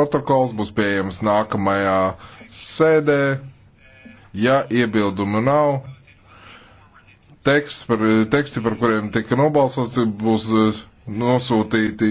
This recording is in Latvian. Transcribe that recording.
Protokols būs pieejams nākamajā sēdē. Ja iebildumu nav, teksts par, teksti, par kuriem tika nobalsots, būs eh, nosūtīti